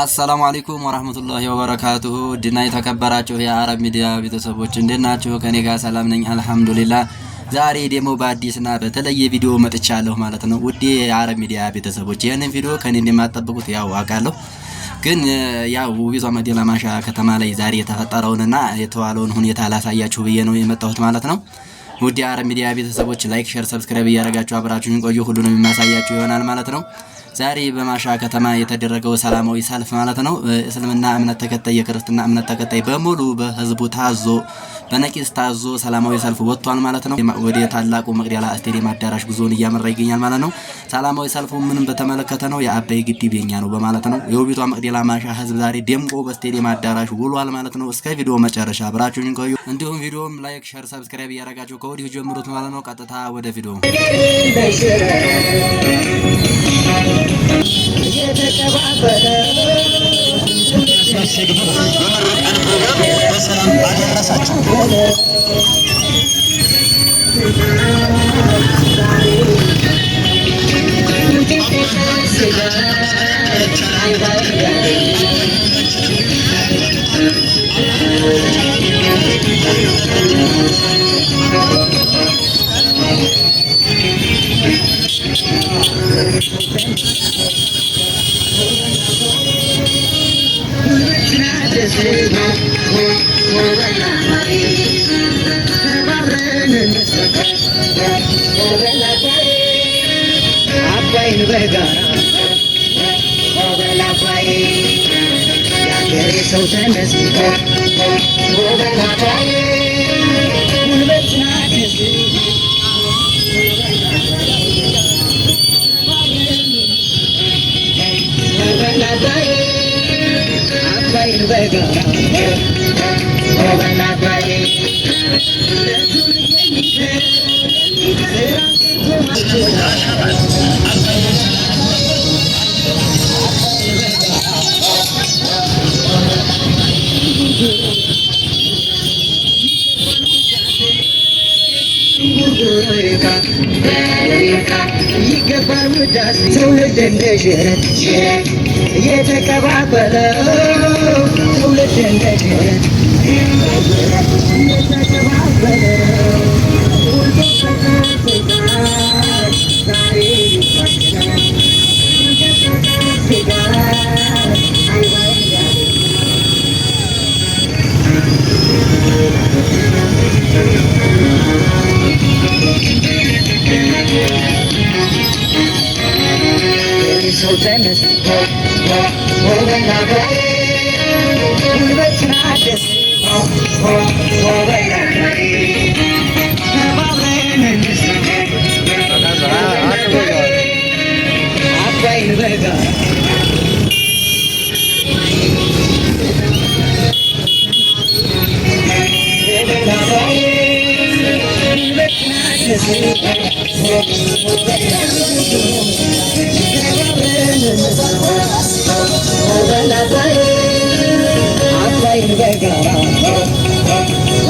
አሰላሙ አለይኩም ወራህመቱላሂ ወበረካቱሁ ድና የተከበራችሁ የአረብ ሚዲያ ቤተሰቦች እንዴት ናችሁ? ከኔ ጋር ሰላም ነኝ አልሐምዱሊላ። ዛሬ ደግሞ በአዲስና በተለየ ቪዲዮ መጥቻለሁ ማለት ነው። ውዴ የአረብ ሚዲያ ቤተሰቦች ይህንን ቪዲዮ ከኔ እንደማጠብቁት ያው አውቃለሁ፣ ግን ያው ውቢቷ መዲና ማሻ ከተማ ላይ ዛሬ የተፈጠረውንና የተዋለውን ሁኔታ ላሳያችሁ ብዬ ነው የመጣሁት ማለት ነው። ውድ የአረብ ሚዲያ ቤተሰቦች ላይክ፣ ሼር፣ ሰብስክራይብ እያደረጋችሁ አብራችሁን ቆዩ። ሁሉንም የሚያሳያችሁ ይሆናል ማለት ነው። ዛሬ በማሻ ከተማ የተደረገው ሰላማዊ ሰልፍ ማለት ነው። እስልምና እምነት ተከታይ፣ የክርስትና እምነት ተከታይ በሙሉ በህዝቡ ታዞ በነቂስ ታዞ ሰላማዊ ሰልፍ ወጥቷል ማለት ነው። ወደ ታላቁ መቅደላ ስቴዲየም አዳራሽ ጉዞውን እያመራ ይገኛል ማለት ነው። ሰላማዊ ሰልፉ ምንም በተመለከተ ነው። የአባይ ግድብ የኛ ነው በማለት ነው። የውቢቷ መቅደላ ማሻ ህዝብ ዛሬ ደምቆ በስቴዲየም አዳራሽ ውሏል ማለት ነው። እስከ ቪዲዮ መጨረሻ አብራችሁን ቆዩ። እንዲሁም ቪዲዮም ላይክ፣ ሸር፣ ሰብስክራይብ እያደረጋቸው ከወዲሁ ጀምሩት ማለት ነው። ቀጥታ ወደ ቪዲዮ የተቀባበለ ሰላም አደረሳችሁ። Thank you. So send us, oh, oh, oh, oh, oh, Yeah, yeah, take a bath, but oh, so famous. Moving away. I'm gonna Oh,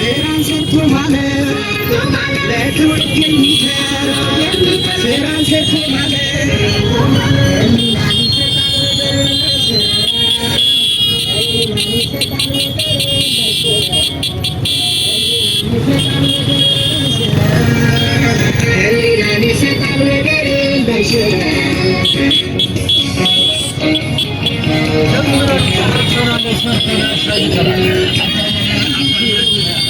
সেরা যে তোমাদের লেখকে মিঠে সেরা যে তোমাদের Thank you.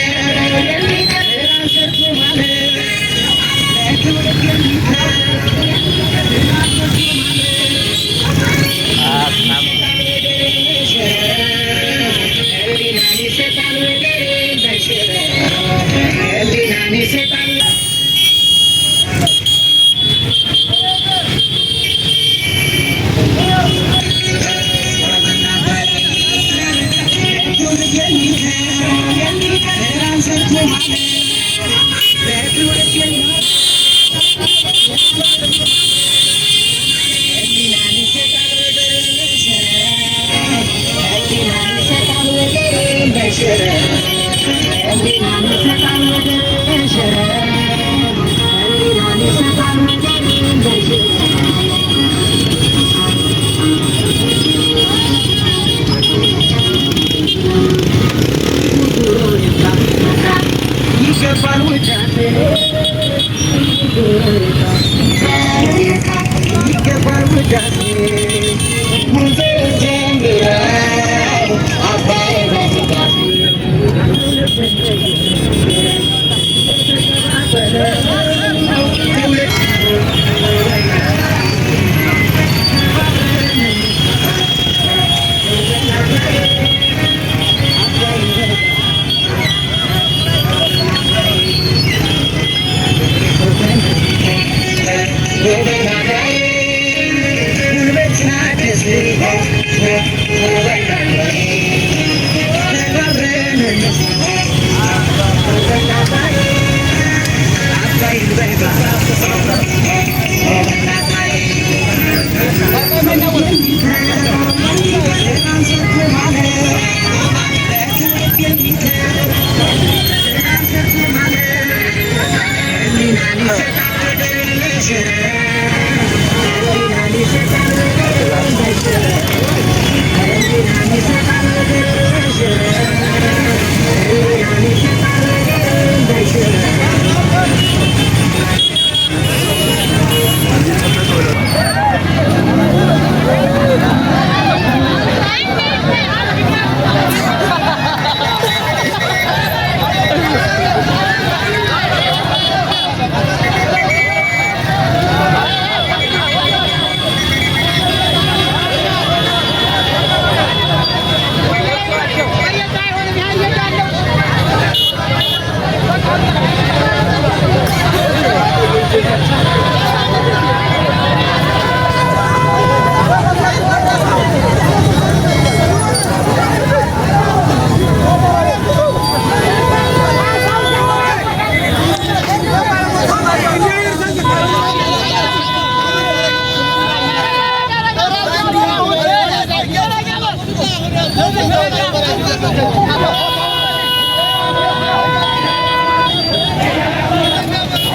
Yeah.